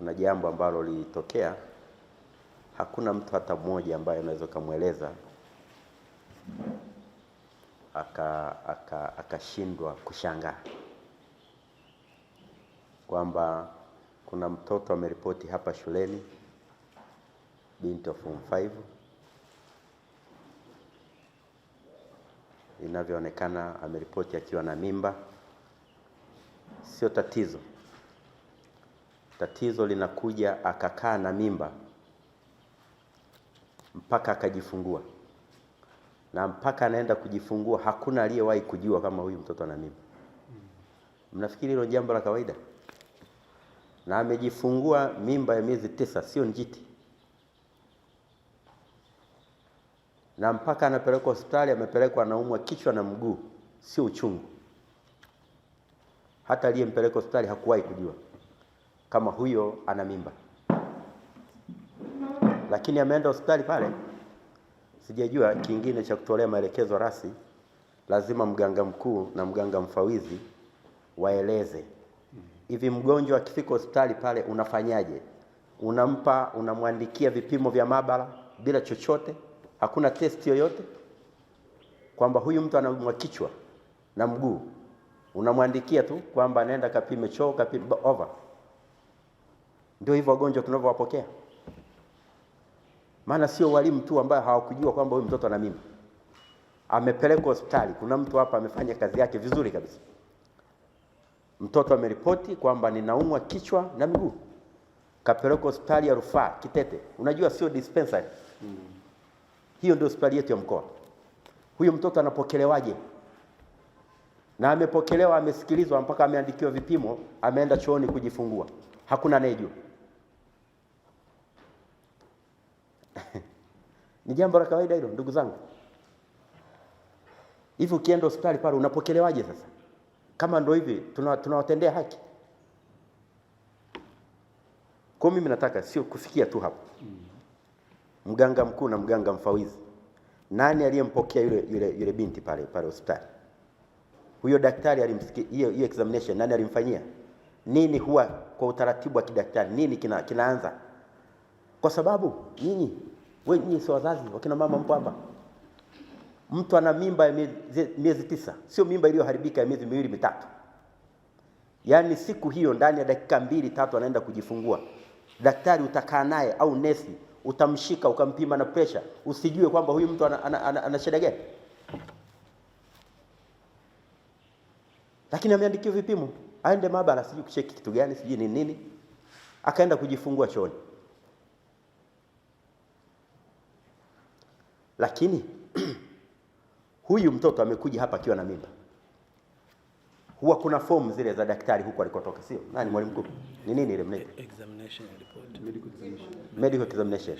kuna jambo ambalo lilitokea, hakuna mtu hata mmoja ambaye anaweza ukamweleza akashindwa aka, akashindwa kushangaa kwamba kuna mtoto ameripoti hapa shuleni, binti wa form 5 inavyoonekana ameripoti akiwa na mimba. Sio tatizo tatizo linakuja akakaa na mimba mpaka akajifungua, na mpaka anaenda kujifungua hakuna aliyewahi kujua kama huyu mtoto ana mimba. Mnafikiri hilo jambo la kawaida? Na amejifungua mimba ya miezi tisa, sio njiti, na mpaka anapelekwa hospitali, amepelekwa anaumwa kichwa na mguu, sio uchungu. Hata aliyempeleka hospitali hakuwahi kujua kama huyo ana mimba, lakini ameenda hospitali pale, sijajua kingine cha kutolea maelekezo rasmi. Lazima mganga mkuu na mganga mfawizi waeleze hivi, mgonjwa akifika hospitali pale unafanyaje? Unampa, unamwandikia vipimo vya maabara bila chochote, hakuna testi yoyote kwamba huyu mtu anaumwa kichwa na mguu, unamwandikia tu kwamba anaenda kapime choo, kapime over ndio hivyo wagonjwa tunavyowapokea, maana sio walimu tu ambayo hawakujua kwamba huyu mtoto ana mimba, amepelekwa hospitali. Kuna mtu hapa amefanya kazi yake vizuri kabisa, mtoto ameripoti kwamba ninaumwa kichwa na miguu, kapelekwa hospitali ya rufaa Kitete, unajua sio dispensary hmm. Hiyo ndio hospitali yetu ya mkoa. Huyo mtoto anapokelewaje? na amepokelewa, amesikilizwa, mpaka ameandikiwa vipimo, ameenda chooni kujifungua, hakuna anayejua. Ni jambo la kawaida hilo ndugu zangu. Hivi ukienda hospitali pale unapokelewaje sasa? Kama ndio hivi tunawatendea tuna haki. Kwa mimi nataka sio kufikia tu hapo. Mganga mkuu na mganga mfawizi. Nani aliyempokea yule yule yule binti pale pale hospitali? Huyo daktari alimsikia hiyo hiyo examination nani alimfanyia? Nini huwa kwa utaratibu wa kidaktari nini kina, kinaanza? Kwa sababu nyinyi wewe si wazazi, wakina mama mpo hapa. Mtu ana mimba ya miezi tisa, sio mimba iliyoharibika ya miezi miwili mitatu. Yaani siku hiyo ndani ya dakika mbili tatu anaenda kujifungua. Daktari utakaa naye au nesi utamshika ukampima na presha, usijue kwamba huyu mtu ana, shida gani, lakini ameandikiwa vipimo aende maabara, sijui kucheki kitu gani, sijui ni nini, akaenda kujifungua choni Lakini huyu mtoto amekuja hapa akiwa na mimba, huwa kuna fomu zile za daktari huko alikotoka, sio nani, mwalimu mkuu, ni nini ile mnaita e, examination report, medical examination, medical examination.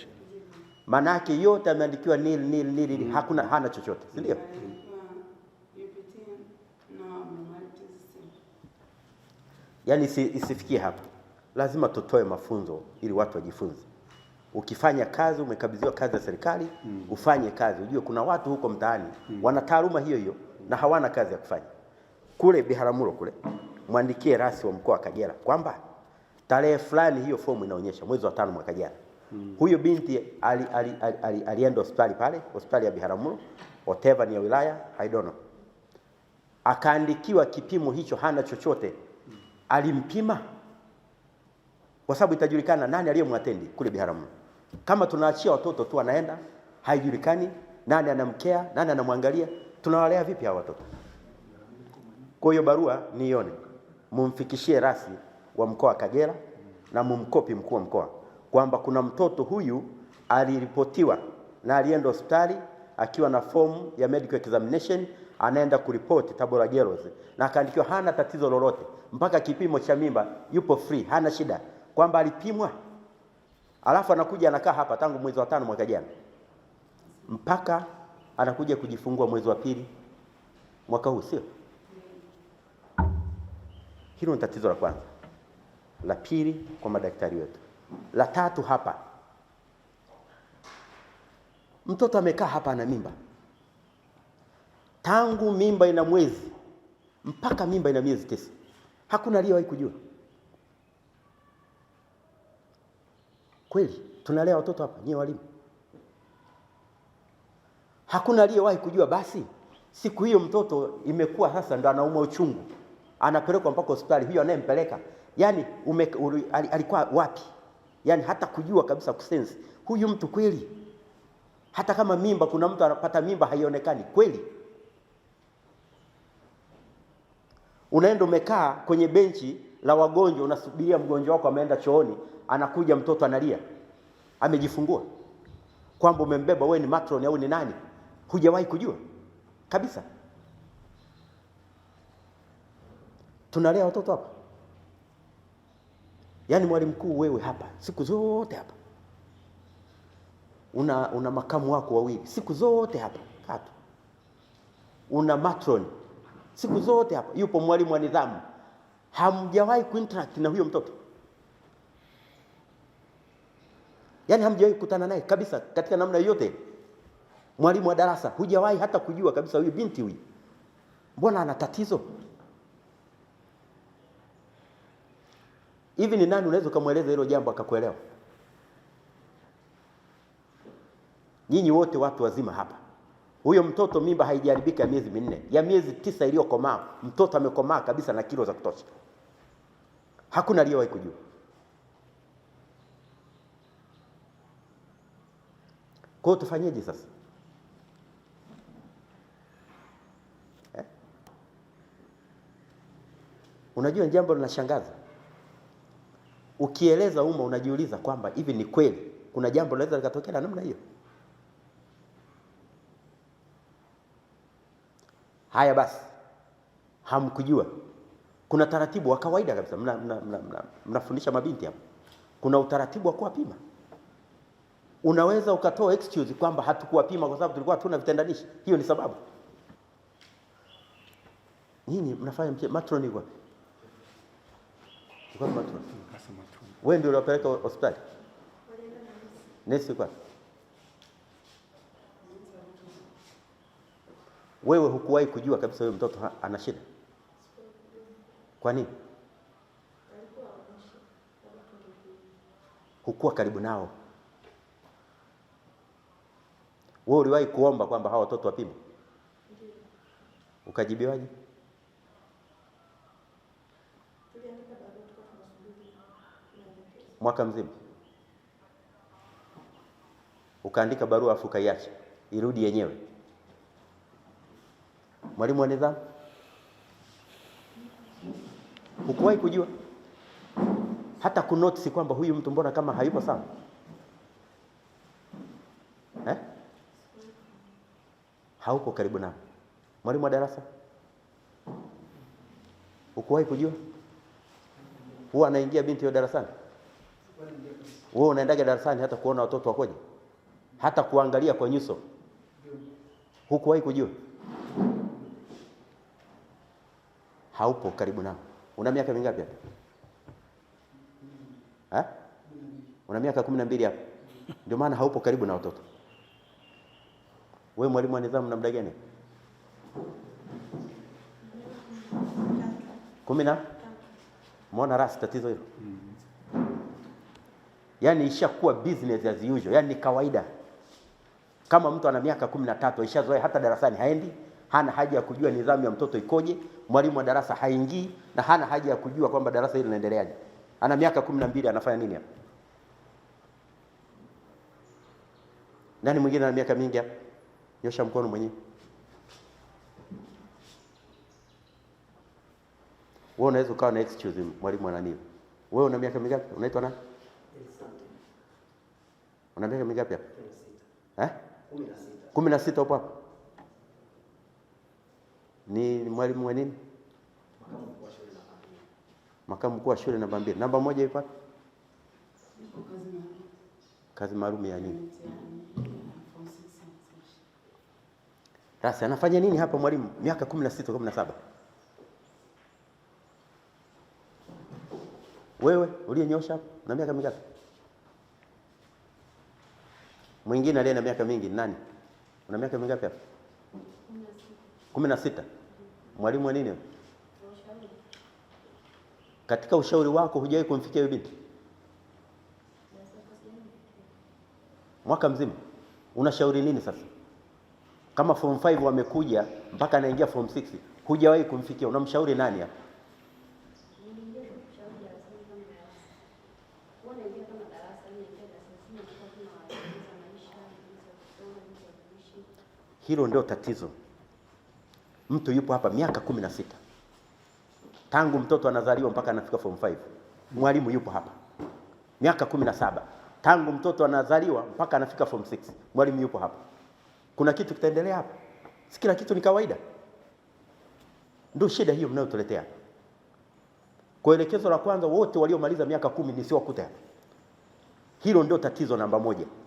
Maana yake yote ameandikiwa nil nil nil, mm. hakuna hana chochote, si ndio? Yaani isifikie hapo, lazima tutoe mafunzo ili watu wajifunze ukifanya kazi, umekabidhiwa kazi ya serikali mm. ufanye kazi, ujue kuna watu huko mtaani mm. wana taaluma hiyo hiyo na hawana kazi ya kufanya. Kule Biharamulo kule mwandikie rasi wa mkoa wa Kagera kwamba tarehe fulani hiyo fomu inaonyesha mwezi wa tano mwaka jana mm. huyo binti ali, ali, ali, ali, alienda hospitali pale hospitali ya Biharamulo whatever ni ya wilaya I don't know, akaandikiwa kipimo hicho, hana chochote mm. alimpima kwa sababu itajulikana nani aliyemwatendi kule Biharamulo. Kama tunaachia watoto tu wanaenda, haijulikani nani anamkea, nani anamwangalia, tunawalea vipi hawa watoto? Kwa hiyo barua niione, mumfikishie rasi wa mkoa wa Kagera na mumkopi mkuu wa mkoa kwamba kuna mtoto huyu aliripotiwa na alienda hospitali akiwa na fomu ya medical examination anaenda kuripoti Tabora Girls na akaandikiwa hana tatizo lolote mpaka kipimo cha mimba, yupo free, hana shida, kwamba alipimwa alafu anakuja anakaa hapa tangu mwezi wa tano mwaka jana mpaka anakuja kujifungua mwezi wa pili mwaka huu, sio hilo? Ni tatizo la kwanza. La pili kwa madaktari wetu. La tatu hapa, mtoto amekaa hapa ana mimba tangu mimba ina mwezi mpaka mimba ina miezi tisa, hakuna aliyewahi kujua Kweli tunalea watoto hapa nyie walimu? Hakuna aliyewahi kujua. Basi siku hiyo mtoto imekuwa sasa ndo anaumwa uchungu, anapelekwa mpaka hospitali, huyo anayempeleka yani ume, uri, alikuwa wapi? Yani hata kujua kabisa kusense huyu mtu kweli. Hata kama mimba, kuna mtu anapata mimba haionekani kweli. Unaenda umekaa kwenye benchi la wagonjwa, unasubiria mgonjwa wako ameenda chooni, anakuja mtoto analia, amejifungua, kwamba umembeba wewe ni matron au ni nani, hujawahi kujua kabisa. Tunalea watoto hapa, yaani mwalimu mkuu wewe hapa, siku zote hapa una, una makamu wako wawili siku zote hapa tatu, una matron siku zote hapa, yupo mwalimu wa nidhamu hamjawahi kuinteract na huyo mtoto, yaani hamjawahi kukutana naye kabisa katika namna yoyote. Mwalimu wa darasa hujawahi hata kujua kabisa huyu binti huyu mbona ana tatizo hivi. Ni nani unaweza ukamweleza hilo jambo akakuelewa? Nyinyi wote watu wazima hapa huyo mtoto mimba haijaharibika ya miezi minne, ya miezi tisa iliyokomaa, mtoto amekomaa kabisa na kilo za kutosha. Hakuna aliyewahi kujua. Kwa hiyo tufanyeje sasa eh? Unajua, jambo linashangaza ukieleza umma, unajiuliza kwamba hivi ni kweli kuna jambo linaweza likatokea na namna hiyo. Haya basi, hamkujua kuna taratibu wa kawaida kabisa, mnafundisha mna, mna, mna, mna mabinti hapo, kuna utaratibu wa kuwapima. Unaweza ukatoa excuse kwamba hatukuwapima kwa sababu tulikuwa hatuna vitendanishi. Hiyo ni sababu. nini? mnafanya mche matroni kwa kwa matroni. Wewe ndio unapeleka hospitali. Nesi kwa. Wewe hukuwahi kujua kabisa huyo mtoto ana shida. Kwa nini? Hukuwa karibu nao. Wewe uliwahi kuomba kwamba hawa watoto wapimwe? Ukajibiwaje? Mwaka mzima ukaandika barua afu ukaiacha irudi yenyewe mwalimu wa nidhamu? Hukuwahi kujua hata kunotice kwamba huyu mtu mbona kama hayupo sawa eh? Hauko karibu na Mwalimu wa darasa, hukuwahi kujua huwa anaingia binti yo darasani? Wewe unaendaga darasani hata kuona watoto wakoje, hata kuangalia kwa nyuso, hukuwahi kujua? haupo karibu nao. Una miaka mingapi hapa? Ha? Eh? Una miaka kumi na mbili hapa. Ndio maana haupo karibu na watoto. We mwalimu wa nidhamu namna gani? Kumi na Muona rasi tatizo hilo. Yaani ishakuwa business as usual, yaani ni kawaida. Kama mtu ana miaka kumi na tatu ishazoea, hata darasani haendi, hana haja ya kujua nidhamu ya mtoto ikoje mwalimu wa darasa haingii na hana haja ya kujua kwamba darasa hili linaendeleaje. Ana miaka kumi na mbili anafanya nini hapa? Nani mwingine ana miaka mingi hapa? Nyosha mkono mwenyewe. Wewe unaweza ukawa na excuse mwalimu nini? Wewe una miaka mingapi? Unaitwa nani? Una miaka mingapi hapa? Eh? 16. 16 upo hapa? ni mwalimu wa nini, makamu mkuu wa shule namba mbili. Namba moja ipo kazi maalum ya nini? Sasa anafanya nini hapa mwalimu? Miaka kumi na sita kumi na saba wewe uliyenyosha hapo na miaka mingapi? Mwingine aliye na miaka mingi nani? Una miaka mingapi hapo? kumi na sita mwalimu wa nini? Katika ushauri wako hujawahi kumfikia yule binti mwaka mzima, unashauri nini sasa? Kama form 5 wamekuja mpaka anaingia form 6 hujawahi kumfikia, unamshauri nani hapa? Hilo ndio tatizo. Mtu yupo hapa miaka kumi na sita tangu mtoto anazaliwa mpaka anafika form 5. Mwalimu yupo hapa miaka kumi na saba tangu mtoto anazaliwa mpaka anafika form 6. Mwalimu yupo hapa. Kuna kitu kitaendelea hapa? Si kila kitu ni kawaida? Ndio shida hiyo mnayotuletea. Kwa elekezo la kwanza, wote waliomaliza miaka kumi nisiwakute hapa. Hilo ndio tatizo namba moja.